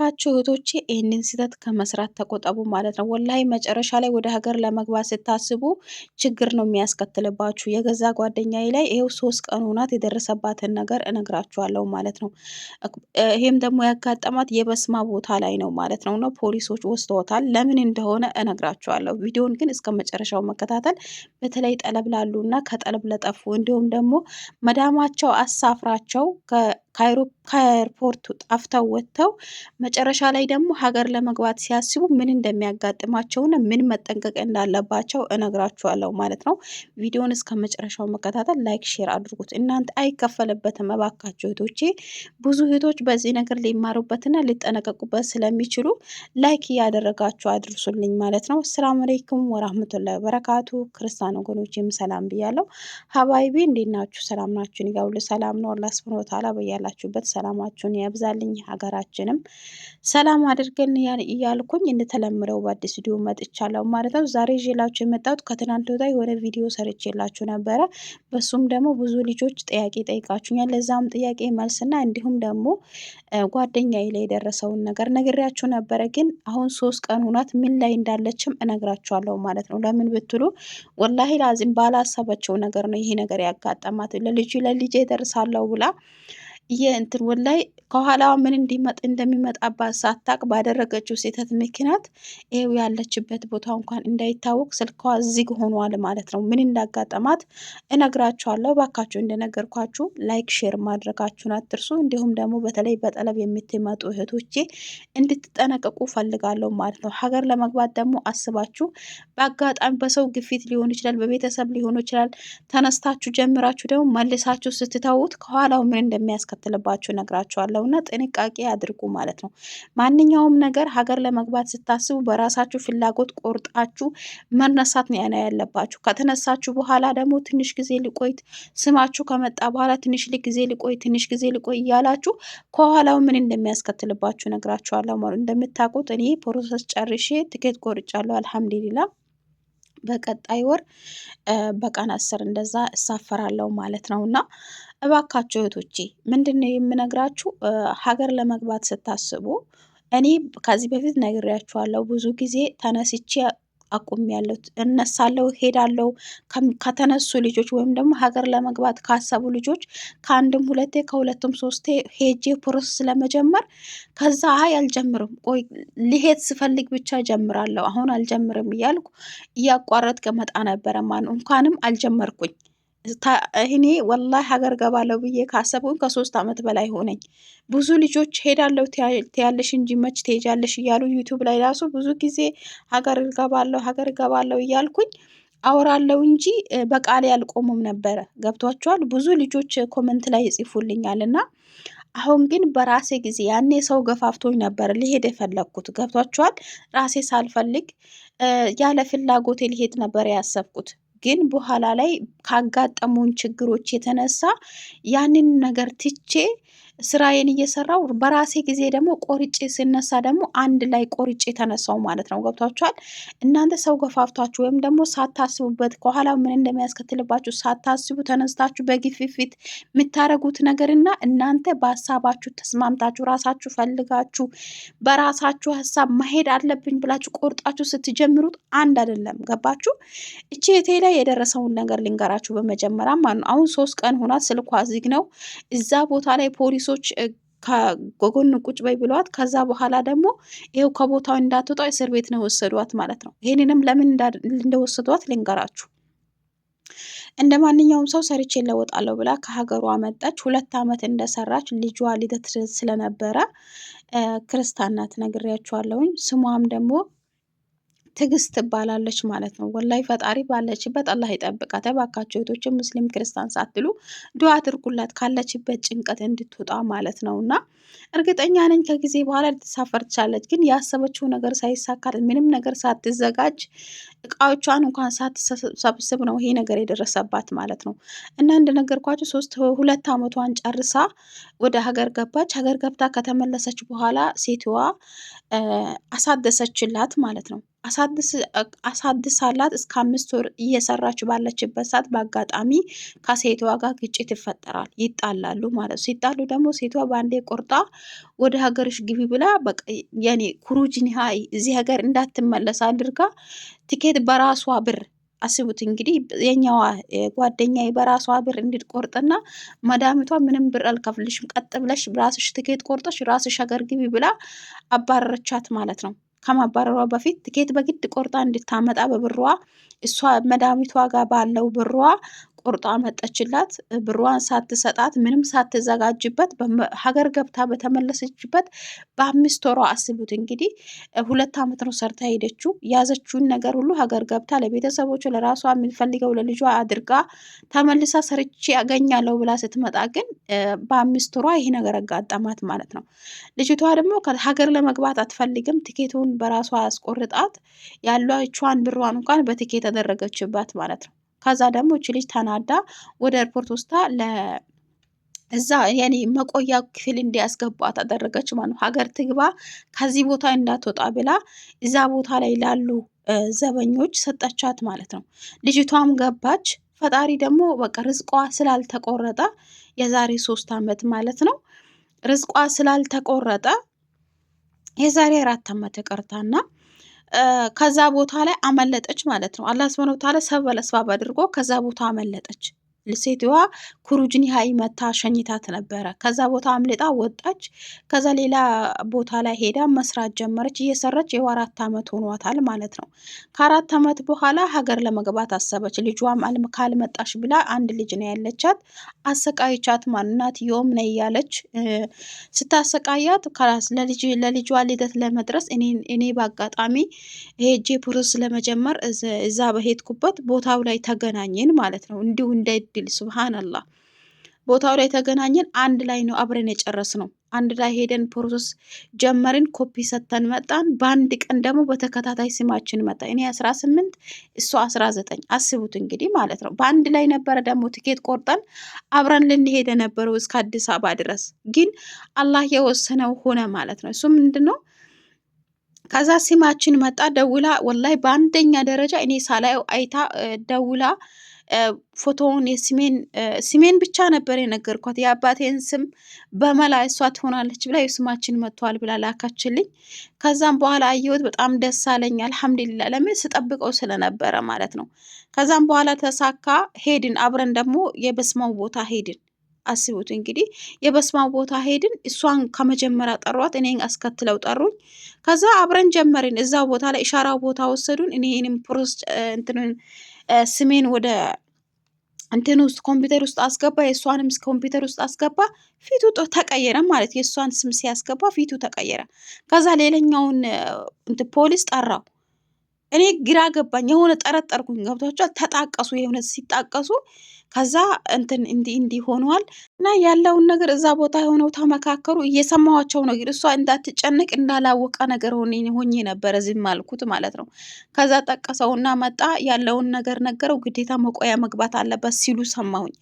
እባካችሁ እህቶቼ ይህንን ስህተት ከመስራት ተቆጠቡ ማለት ነው። ወላሂ መጨረሻ ላይ ወደ ሀገር ለመግባት ስታስቡ ችግር ነው የሚያስከትልባችሁ። የገዛ ጓደኛዬ ላይ ይኸው ሶስት ቀን ሆናት የደረሰባትን ነገር እነግራችኋለሁ ማለት ነው። ይህም ደግሞ ያጋጠማት የበስማ ቦታ ላይ ነው ማለት ነው ነው ፖሊሶች ወስደውታል። ለምን እንደሆነ እነግራችኋለሁ። ቪዲዮን ግን እስከ መጨረሻው መከታተል በተለይ ጠለብ ላሉ እና ከጠለብ ለጠፉ እንዲሁም ደግሞ መዳማቸው አሳፍራቸው ከኤርፖርቱ ጠፍተው ወጥተው መጨረሻ ላይ ደግሞ ሀገር ለመግባት ሲያስቡ ምን እንደሚያጋጥማቸውና ምን መጠንቀቅ እንዳለባቸው እነግራችኋለሁ ማለት ነው። ቪዲዮን እስከ መጨረሻው መከታተል፣ ላይክ፣ ሼር አድርጉት። እናንተ አይከፈልበትም እባካችሁ እህቶቼ። ብዙ እህቶች በዚህ ነገር ሊማሩበትና ሊጠነቀቁበት ስለሚችሉ ላይክ እያደረጋችሁ አድርሱልኝ ማለት ነው። ሰላም አለይኩም ወራህመቱላሂ ወበረካቱ። ክርስቲያን ወገኖቼም ሰላም ብያለሁ። ሀባይቢ እንዴት ናችሁ? ሰላም ናችሁ? እኔ ሁሉ ሰላም ነው። አላህ ሱብሃነሁ ወተዓላ በያላ በያላችሁበት ሰላማችሁን ያብዛልኝ፣ ሀገራችንም ሰላም አድርገን እያልኩኝ እንደተለምደው በአዲስ ቪዲዮ መጥቻለሁ ማለት ነው። ዛሬ ይዤላችሁ የመጣሁት ከትናንት ወዲያ የሆነ ቪዲዮ ሰርቼላችሁ ነበረ። በሱም ደግሞ ብዙ ልጆች ጥያቄ ጠይቃችሁኛል። ለዛም ጥያቄ መልስና እንዲሁም ደግሞ ጓደኛዬ ላይ የደረሰውን ነገር ነግሬያችሁ ነበረ። ግን አሁን ሶስት ቀን ሁናት ምን ላይ እንዳለችም እነግራችኋለሁ ማለት ነው። ለምን ብትሉ ወላሂ ላዚም ባላሰበችው ነገር ነው ይሄ ነገር ያጋጠማት ለልጅ ለልጄ ደርሳለሁ ብላ የእንትን ወላይ ከኋላዋ ምን እንዲመጥ እንደሚመጣባት ሳታቅ ባደረገችው ስህተት ምክንያት ይኸው ያለችበት ቦታ እንኳን እንዳይታወቅ ስልኳ ዝግ ሆኗል ማለት ነው። ምን እንዳጋጠማት እነግራችኋለሁ። ባካችሁ እንደነገርኳችሁ ላይክ፣ ሼር ማድረጋችሁን አትርሱ። እንዲሁም ደግሞ በተለይ በጠለብ የምትመጡ እህቶቼ እንድትጠነቀቁ ፈልጋለሁ ማለት ነው። ሀገር ለመግባት ደግሞ አስባችሁ በአጋጣሚ በሰው ግፊት ሊሆን ይችላል፣ በቤተሰብ ሊሆን ይችላል። ተነስታችሁ ጀምራችሁ ደግሞ መልሳችሁ ስትተዉት ከኋላው ምን እንደሚያስከ እንደምትቀጥልባችሁ ነግራችኋለሁ እና ጥንቃቄ አድርጉ ማለት ነው። ማንኛውም ነገር ሀገር ለመግባት ስታስቡ በራሳችሁ ፍላጎት ቆርጣችሁ መነሳት ነው ያለባችሁ። ከተነሳችሁ በኋላ ደግሞ ትንሽ ጊዜ ልቆይ፣ ስማችሁ ከመጣ በኋላ ትንሽ ጊዜ ልቆይ፣ ትንሽ ጊዜ ልቆይ እያላችሁ ከኋላው ምን እንደሚያስከትልባችሁ ነግራችኋለሁ ማለት እንደምታውቁት እኔ ፕሮሰስ ጨርሼ ትኬት ቆርጫለሁ አልሐምዱሊላ። በቀጣይ ወር በቀን አስር እንደዛ እሳፈራለሁ ማለት ነው እና እባካችሁ እህቶቼ ምንድን ነው የምነግራችሁ፣ ሀገር ለመግባት ስታስቡ እኔ ከዚህ በፊት ነግሬያችኋለሁ። ብዙ ጊዜ ተነስቼ ያለሁት እነሳለሁ፣ ሄዳለሁ። ከተነሱ ልጆች ወይም ደግሞ ሀገር ለመግባት ካሰቡ ልጆች ከአንድም ሁለቴ ከሁለቱም ሶስቴ ሄጄ ፕሮሰስ ለመጀመር ከዛ አይ አልጀምርም፣ ቆይ ሊሄድ ስፈልግ ብቻ ጀምራለሁ፣ አሁን አልጀምርም እያልኩ እያቋረጥ እመጣ ነበረ። ማን እንኳንም አልጀመርኩኝ እኔ ወላሂ ሀገር ገባለው ብዬ ካሰብኩኝ ከሶስት አመት በላይ ሆነኝ። ብዙ ልጆች ሄዳለው ትያለሽ እንጂ መች ትሄጃለሽ እያሉ ዩቱብ ላይ ራሱ ብዙ ጊዜ ሀገር ገባለው ሀገር ገባለው እያልኩኝ አወራለሁ እንጂ በቃል ያልቆሙም ነበረ። ገብቷቸዋል። ብዙ ልጆች ኮመንት ላይ ይጽፉልኛል እና አሁን ግን በራሴ ጊዜ ያኔ ሰው ገፋፍቶኝ ነበር ሊሄድ የፈለግኩት። ገብቷቸዋል ራሴ ሳልፈልግ ያለ ፍላጎቴ ሊሄድ ነበር ያሰብኩት። ግን በኋላ ላይ ካጋጠሙን ችግሮች የተነሳ ያንን ነገር ትቼ ስራዬን እየሰራው በራሴ ጊዜ ደግሞ ቆርጬ ስነሳ ደግሞ አንድ ላይ ቆርጬ ተነሳው ማለት ነው። ገብቷችኋል? እናንተ ሰው ገፋፍታችሁ ወይም ደግሞ ሳታስቡበት ከኋላ ምን እንደሚያስከትልባችሁ ሳታስቡ ተነስታችሁ በግፊፊት የምታደርጉት ነገርና እናንተ በሀሳባችሁ ተስማምታችሁ ራሳችሁ ፈልጋችሁ በራሳችሁ ሀሳብ መሄድ አለብኝ ብላችሁ ቆርጣችሁ ስትጀምሩት አንድ አይደለም። ገባችሁ? እቺ እህቴ ላይ የደረሰውን ነገር ልንገራችሁ በመጀመሪያ ማለት ነው። አሁን ሶስት ቀን ሆኗት፣ ስልኳ ዝግ ነው። እዛ ቦታ ላይ ፖሊስ ፖሊሶች ከጎን ቁጭ በይ ብለዋት፣ ከዛ በኋላ ደግሞ ይኸው ከቦታው እንዳትወጣ እስር ቤት ነው የወሰዷት ማለት ነው። ይህንንም ለምን እንደወሰዷት ልንገራችሁ። እንደ ማንኛውም ሰው ሰርቼ ለወጣለሁ ብላ ከሀገሯ መጣች። ሁለት ዓመት እንደሰራች ልጇ ልደት ስለነበረ ክርስታናት ነግሬያችኋለሁኝ። ስሟም ደግሞ ትግስት ትባላለች ማለት ነው። ወላይ ፈጣሪ ባለችበት አላህ ይጠብቃት። እባካችሁ እህቶችን ሙስሊም ክርስቲያን ሳትሉ ዱዓ አድርጉላት ካለችበት ጭንቀት እንድትወጣ ማለት ነው። እና እርግጠኛ ነኝ ከጊዜ በኋላ ልትሳፈር ትችላለች። ግን ያሰበችው ነገር ሳይሳካል ምንም ነገር ሳትዘጋጅ እቃዎቿን እንኳን ሳትሰብስብ ነው ይሄ ነገር የደረሰባት ማለት ነው። እና እንደነገርኳችሁ ሶስት ሁለት አመቷን ጨርሳ ወደ ሀገር ገባች። ሀገር ገብታ ከተመለሰች በኋላ ሴትዋ አሳደሰችላት ማለት ነው። አሳድሳላት እስከ አምስት ወር እየሰራች ባለችበት ሰዓት በአጋጣሚ ከሴቷ ጋር ግጭት ይፈጠራል። ይጣላሉ ማለት ነው። ሲጣሉ ደግሞ ሴቷ በአንዴ ቆርጣ ወደ ሀገርሽ ግቢ ብላ የኔ ኩሩጅን ሀይ እዚህ ሀገር እንዳትመለስ አድርጋ ቲኬት በራሷ ብር አስቡት እንግዲህ የኛዋ ጓደኛ በራሷ ብር እንድትቆርጥና መዳምቷ ምንም ብር አልከፍልሽም ቀጥ ብለሽ ራስሽ ትኬት ቆርጠሽ ራስሽ ሀገር ግቢ ብላ አባረረቻት ማለት ነው። ከማባረሯ በፊት ትኬት በግድ ቆርጣ እንድታመጣ በብሯ እሷ መድኃኒቷ ጋር ባለው ብሯ ቁርጧ መጠችላት። ብሯን ሳትሰጣት ምንም ሳትዘጋጅበት ሀገር ገብታ በተመለሰችበት በአምስት ወሯ አስቡት እንግዲህ ሁለት ዓመት ነው ሰርታ ሄደችው። የያዘችውን ነገር ሁሉ ሀገር ገብታ ለቤተሰቦቹ ለራሷ የምትፈልገው ለልጇ አድርጋ ተመልሳ ሰርቼ ያገኛለሁ ብላ ስትመጣ ግን በአምስት ወሯ ይሄ ነገር አጋጠማት ማለት ነው። ልጅቷ ደግሞ ሀገር ለመግባት አትፈልግም። ትኬቱን በራሷ ያስቆርጣት ያሏቿን ብሯን እንኳን በትኬት ተደረገችባት ማለት ነው። ከዛ ደግሞ እች ልጅ ተናዳ ወደ ኤርፖርት ውስታ እዛ ያኔ መቆያ ክፍል እንዲያስገቧት አደረገች ማለት ነው። ሀገር ትግባ ከዚህ ቦታ እንዳትወጣ ብላ እዛ ቦታ ላይ ላሉ ዘበኞች ሰጠቻት ማለት ነው። ልጅቷም ገባች። ፈጣሪ ደግሞ በቃ ርዝቋ ስላልተቆረጠ የዛሬ ሶስት አመት ማለት ነው ርዝቋ ስላልተቆረጠ የዛሬ አራት ዓመት ይቅርታና ከዛ ቦታ ላይ አመለጠች ማለት ነው። አላህ ስብን ታላ ሰበለስባብ አድርጎ ከዛ ቦታ አመለጠች። ሴትዋ ኩሩጅን ሀይ መታ ሸኝታት ነበረ። ከዛ ቦታ አምልጣ ወጣች። ከዛ ሌላ ቦታ ላይ ሄዳ መስራት ጀመረች። እየሰራች የው አራት አመት ሆኗታል ማለት ነው። ከአራት አመት በኋላ ሀገር ለመግባት አሰበች። ልጇም ካልመጣሽ ብላ አንድ ልጅ ነው ያለቻት አሰቃይቻት። ማንናት ዮም ነ እያለች ስታሰቃያት ለልጇ ልደት ለመድረስ እኔ በአጋጣሚ ሄጄ ፕሮስ ለመጀመር እዛ በሄድኩበት ቦታው ላይ ተገናኘን ማለት ነው እንዲሁ እንደ ፊል ሱብሃነላህ። ቦታው ላይ ተገናኘን። አንድ ላይ ነው አብረን የጨረስ ነው። አንድ ላይ ሄደን ፕሮሰስ ጀመርን። ኮፒ ሰተን መጣን። በአንድ ቀን ደግሞ በተከታታይ ስማችን መጣ። እኔ አስራ ስምንት እሱ አስራ ዘጠኝ አስቡት እንግዲህ ማለት ነው። በአንድ ላይ ነበረ ደግሞ ትኬት ቆርጠን አብረን ልንሄደ ነበረው እስከ አዲስ አበባ ድረስ፣ ግን አላህ የወሰነው ሆነ ማለት ነው። እሱ ምንድን ነው ከዛ ሲማችን መጣ ደውላ፣ ወላይ በአንደኛ ደረጃ እኔ ሳላየው አይታ ደውላ ፎቶውን የስሜን ስሜን ብቻ ነበር የነገርኳት የአባቴን ስም በመላ እሷ ትሆናለች ብላ የስማችን መጥተዋል ብላ ላካችልኝ። ከዛም በኋላ አየሁት፣ በጣም ደስ አለኝ። አልሐምዱሊላ ለምን ስጠብቀው ስለነበረ ማለት ነው። ከዛም በኋላ ተሳካ፣ ሄድን አብረን ደግሞ የበስማው ቦታ ሄድን። አስቡት እንግዲህ የበስማ ቦታ ሄድን። እሷን ከመጀመሪያ ጠሯት፣ እኔን አስከትለው ጠሩኝ። ከዛ አብረን ጀመርን። እዛ ቦታ ላይ ኢሻራ ቦታ ወሰዱን። እኔንም ፕሮስ እንትንን ስሜን ወደ እንትን ውስጥ ኮምፒውተር ውስጥ አስገባ፣ የእሷንም ኮምፒውተር ውስጥ አስገባ። ፊቱ ተቀየረ ማለት የእሷን ስም ሲያስገባ ፊቱ ተቀየረ። ከዛ ሌላኛውን ፖሊስ ጠራው። እኔ ግራ ገባኝ። የሆነ ጠረጠርኩኝ። ገብቷቸዋል። ተጣቀሱ የሆነ ሲጣቀሱ ከዛ እንትን እንዲ እንዲ ሆኗል እና ያለውን ነገር እዛ ቦታ የሆነው ተመካከሩ። እየሰማዋቸው ነው። እሷ እንዳትጨነቅ እንዳላወቀ ነገር ሆኜ ነበረ ዝም አልኩት ማለት ነው። ከዛ ጠቀሰውና መጣ ያለውን ነገር ነገረው። ግዴታ መቆያ መግባት አለበት ሲሉ ሰማሁኝ።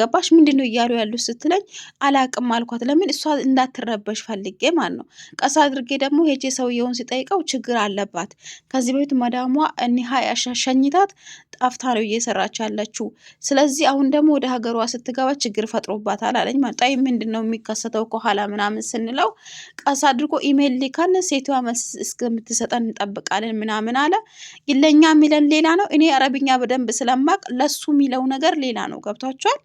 ገባሽ ምንድን ነው እያሉ ያሉ ስትለኝ አላቅም አልኳት። ለምን እሷ እንዳትረበሽ ፈልጌ ማለት ነው። ቀስ አድርጌ ደግሞ ሄጄ ሰውየውን ሲጠይቀው ችግር አለባት ከዚህ በፊት መዳሟ እኒሀ ሸኝታት ጣፍታ ነው እየሰራች ያለችው። ስለዚህ አሁን ደግሞ ወደ ሀገሯ ስትገባ ችግር ፈጥሮባታል አለኝ። መጣይ ምንድን ነው የሚከሰተው ከኋላ ምናምን ስንለው ቀስ አድርጎ ኢሜል ሊከን ሴትዋ መልስ እስከምትሰጠን እንጠብቃለን ምናምን አለ። ለእኛ የሚለን ሌላ ነው። እኔ አረብኛ በደንብ ስለማቅ ለሱ የሚለው ነገር ሌላ ነው። ገብቷቸዋል።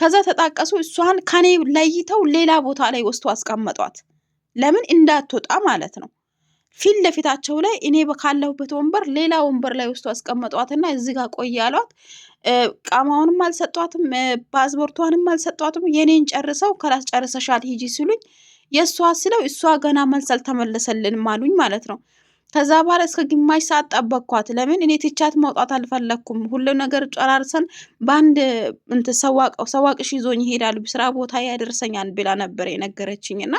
ከዛ ተጣቀሱ እሷን ከኔ ለይተው ሌላ ቦታ ላይ ወስቶ አስቀመጧት። ለምን እንዳትወጣ ማለት ነው። ፊት ለፊታቸው ላይ እኔ ካለሁበት ወንበር ሌላ ወንበር ላይ ወስቶ አስቀመጧትና እዚህ ጋር ቆይ ያሏት። ቃማውንም አልሰጧትም፣ ፓስፖርቷንም አልሰጧትም። የኔን ጨርሰው ከላስ ጨርሰሻል ሂጂ ሲሉኝ የእሷ ስለው እሷ ገና መልስ አልተመለሰልንም አሉኝ ማለት ነው። ከዛ በኋላ እስከ ግማሽ ሰዓት ጠበቅኳት። ለምን እኔ ትቻት መውጣት አልፈለግኩም። ሁሉም ነገር ጨራርሰን በአንድ እንትን ሰዋቅሽ ይዞኝ ይሄዳል ስራ ቦታ ያደርሰኛል ብላ ነበር የነገረችኝ እና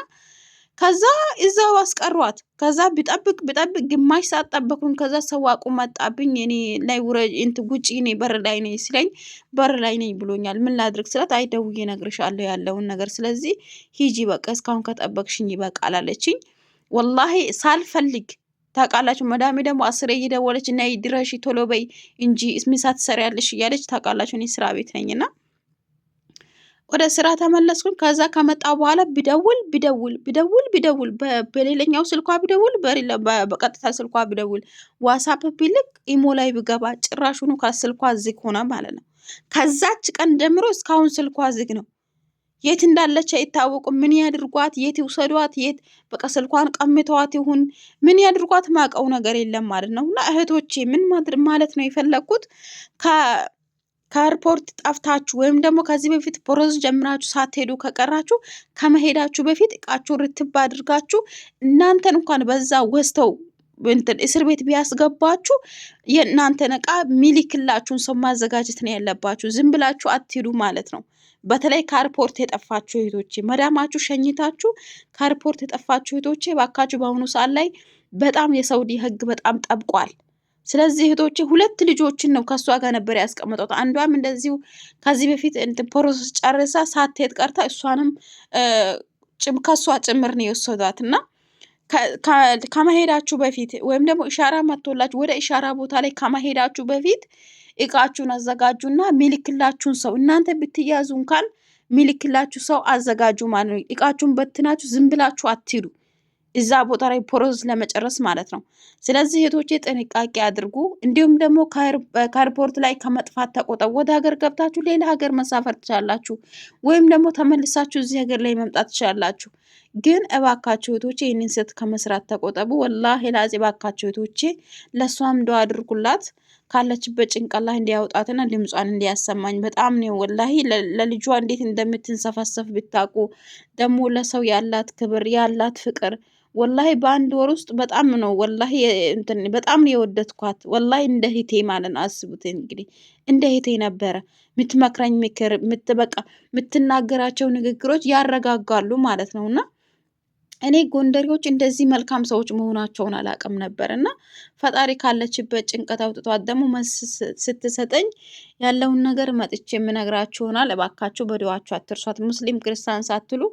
ከዛ እዛው አስቀሯት። ከዛ ቢጠብቅ ቢጠብቅ ግማሽ ሰዓት ጠበኩኝ። ከዛ ሰዋቁ መጣብኝ። እኔ ላይ ውረጅ እንትን ውጪ፣ እኔ በር ላይ ነኝ ሲለኝ በር ላይ ነኝ ብሎኛል። ምን ላድርግ ስላት አይ ደውዬ እነግርሻለሁ ያለውን ነገር፣ ስለዚህ ሂጂ በቃ እስካሁን ከጠበቅሽኝ ይበቃል አለችኝ። ወላሂ ሳልፈልግ ታውቃላችሁ። መዳሜ ደግሞ አስሬ እየደወለች እና ድረሽ ቶሎ በይ እንጂ ምሳ ትሰሪያለሽ እያለች ታውቃላችሁ። እኔ ስራ ቤት ነኝና ወደ ስራ ተመለስኩኝ። ከዛ ከመጣ በኋላ ብደውል ብደውል ብደውል ብደውል በሌላኛው ስልኳ ብደውል በቀጥታ ስልኳ ብደውል ዋሳፕ ቢልክ ኢሞ ላይ ብገባ ጭራሹኑ ከስልኳ ዝግ ሆነ ማለት ነው። ከዛች ቀን ጀምሮ እስካሁን ስልኳ ዝግ ነው። የት እንዳለች አይታወቁም። ምን ያድርጓት? የት ይውሰዷት? የት በቃ ስልኳን ቀምተዋት ይሁን ምን ያድርጓት? ማቀው ነገር የለም ማለት ነው። እና እህቶቼ ምን ማለት ነው የፈለግኩት ከኤርፖርት ጠፍታችሁ ወይም ደግሞ ከዚህ በፊት ፕሮሰስ ጀምራችሁ ሳትሄዱ ከቀራችሁ ከመሄዳችሁ በፊት እቃችሁ ርትብ አድርጋችሁ እናንተን እንኳን በዛ ወስተው እንትን እስር ቤት ቢያስገባችሁ የእናንተን እቃ ሚሊክላችሁን ሰው ማዘጋጀት ነው ያለባችሁ። ዝም ብላችሁ አትሄዱ ማለት ነው። በተለይ ካርፖርት የጠፋችሁ እህቶቼ መዳማችሁ ሸኝታችሁ ካርፖርት የጠፋችሁ እህቶቼ እባካችሁ በአሁኑ ሰዓት ላይ በጣም የሰውዲ ህግ በጣም ጠብቋል። ስለዚህ እህቶቼ ሁለት ልጆችን ነው ከእሷ ጋር ነበር ያስቀምጧት። አንዷም እንደዚሁ ከዚህ በፊት ፕሮሰስ ጨርሳ ሳትሄድ ቀርታ እሷንም ከእሷ ጭምር ነው የወሰዷት እና ከመሄዳችሁ በፊት ወይም ደግሞ ኢሻራ መጥቶላችሁ ወደ ኢሻራ ቦታ ላይ ከመሄዳችሁ በፊት እቃችሁን አዘጋጁና ሚልክላችሁን ሰው እናንተ ብትያዙ እንኳን ሚልክላችሁ ሰው አዘጋጁ ማለት ነው። እቃችሁን በትናችሁ ዝም ብላችሁ እዛ ቦታ ላይ ፕሮሰስ ለመጨረስ ማለት ነው። ስለዚህ እህቶቼ ጥንቃቄ አድርጉ። እንዲሁም ደግሞ ከኤርፖርት ላይ ከመጥፋት ተቆጠቡ። ወደ ሀገር ገብታችሁ ሌላ ሀገር መሳፈር ትችላላችሁ፣ ወይም ደግሞ ተመልሳችሁ እዚህ ሀገር ላይ መምጣት ትችላላችሁ። ግን እባካችሁ እህቶቼ ይህንን ስህተት ከመስራት ተቆጠቡ። ወላሂ ላዚ እባካችሁ እህቶቼ ለእሷም ዱዓ አድርጉላት ካለችበት ጭንቀላ እንዲያውጣትና ድምጿን እንዲያሰማኝ በጣም ነው ወላሂ። ለልጇ እንዴት እንደምትንሰፈሰፍ ብታውቁ ደግሞ ለሰው ያላት ክብር ያላት ፍቅር ወላሂ በአንድ ወር ውስጥ በጣም ነው ወላሂ በጣም ነው የወደድኳት ወላሂ እንደ ሂቴ ማለት ነው። አስቡት እንግዲህ እንደ ሂቴ ነበረ የምትመክረኝ ምክር፣ በቃ የምትናገራቸው ንግግሮች ያረጋጋሉ ማለት ነው እና እኔ ጎንደሬዎች እንደዚህ መልካም ሰዎች መሆናቸውን አላውቅም ነበር እና ፈጣሪ ካለችበት ጭንቀት አውጥቷት ደግሞ ስትሰጠኝ ያለውን ነገር መጥቼ የምነግራችሁ ይሆናል። እባካችሁ በዱዓችሁ አትርሷት። ሙስሊም ክርስቲያን ሳትሉ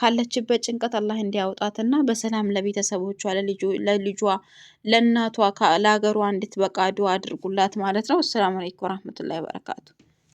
ካለችበት ጭንቀት አላህ እንዲያውጣትና በሰላም ለቤተሰቦቿ፣ ለልጇ፣ ለእናቷ፣ ለሀገሯ እንድትበቃ ዱዓ አድርጉላት ማለት ነው። አሰላሙ አለይኩም ወረህመቱላሂ ወበረካቱ።